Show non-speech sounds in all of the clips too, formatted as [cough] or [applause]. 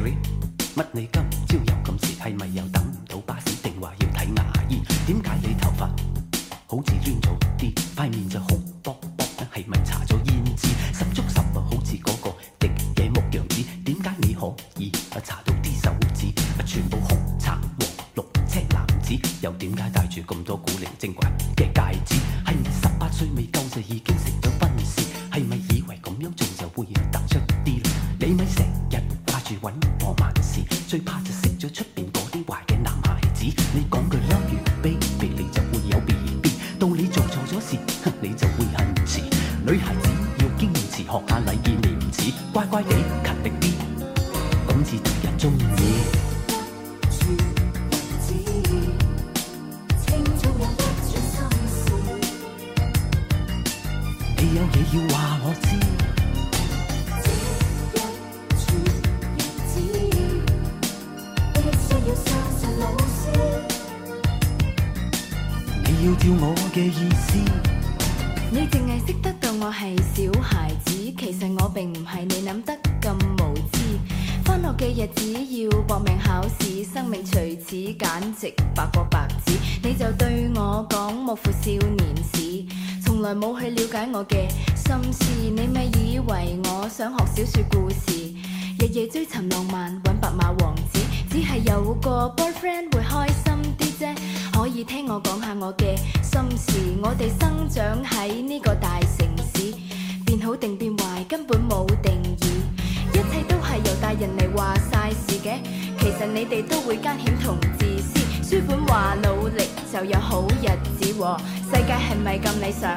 乜你今朝又咁遲，係咪又等唔到巴士？定話要睇牙醫？點解你頭髮好似亂咗啲？塊面就紅卜卜，係咪搽咗胭脂？十足十啊，好似嗰、嗰個敵野木樣子。點解你可以啊搽到啲手指啊全部紅橙黃綠青藍紫？又點解帶住咁多古靈精怪？叫我嘅意思你只是懂，你淨係識得當我係小孩子，其實我並唔係你諗得咁無知。返學嘅日子要搏命考試，生命除此簡直白過白紙。你就對我講莫負少年時」，從來冇去了解我嘅心事。你咪以為我想學小說故事，日夜追尋浪漫，搵白馬王子，只係有個 boyfriend 會開心啲啫。可以聽我講下我嘅心事，我哋生長喺呢個大城市，變好定變壞根本冇定義，一切都係由大人嚟話晒事嘅，其實你哋都會奸險同自私，書本話努力就有好日子，世界係咪咁理想？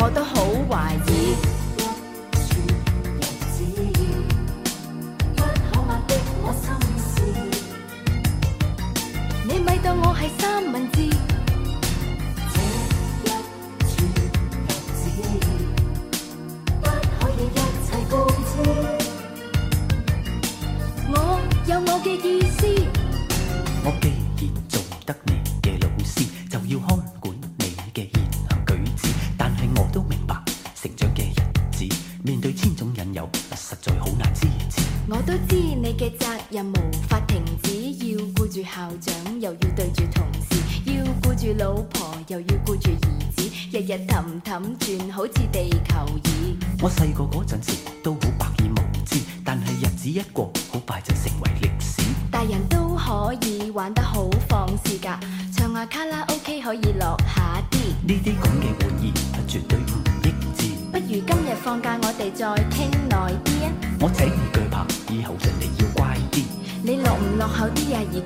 我都好懷疑。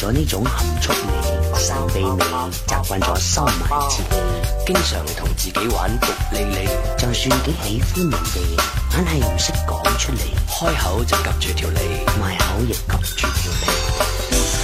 咗呢種含蓄味、神秘味，習慣咗收埋自己，經常同自己玩捉你你。就算幾喜歡人哋，硬係唔識講出嚟，開口就夾住條脷，埋口亦夾住條脷。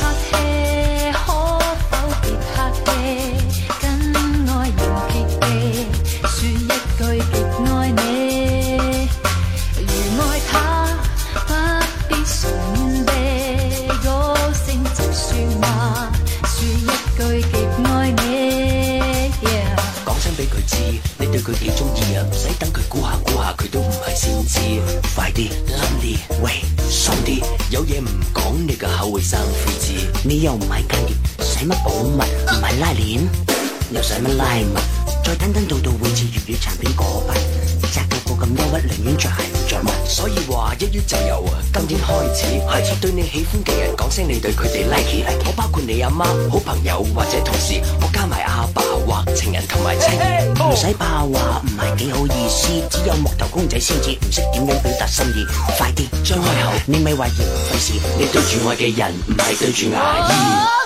有嘢唔講，你個口會生痱子。你又唔係間諜，使乜保密？唔係拉鍊，又使乜拉密？再單單做到會似粵語殘片嗰筆，扎到個咁憂鬱，寧願著鞋唔著襪。所以話一於就由今天開始，係對你喜歡嘅人講聲，你對佢哋 like。我包括你阿媽、好朋友或者同事，我加埋阿爸。情人同埋妻兒，唔使怕話，唔係幾好意思，只有木頭公仔先至，唔識點樣表達心意。 [laughs] 快啲張開口，你咪懷疑？費事你對住我嘅人唔係對住牙醫。Oh.